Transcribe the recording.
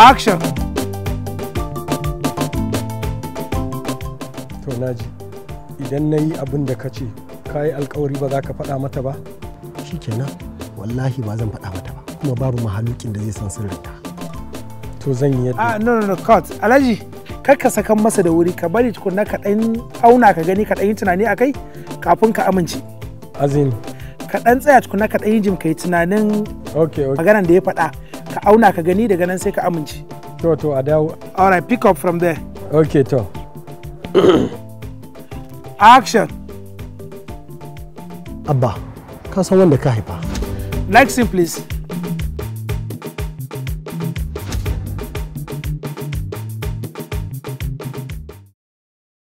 action to naji idan na yi abin da ka ce ka yi alkawari ba za ka faɗa mata ba shikenan wallahi ba zan faɗa mata ba kuma babu mahalukin da zai san sirrinta to zan yi yadda ah no no no cut alhaji kar ka sakan masa da wuri ka bari tukunna ka ɗan auna ka gani ka yi tunani a kai kafin ka amince azin ka ɗan tsaya tukunna ka ɗan yi jim ka yi tunanin maganar da ya faɗa ka auna ka gani daga nan sai ka amince to to a dawo all right pick up from there okay to action abba ka san wanda ka haifa like please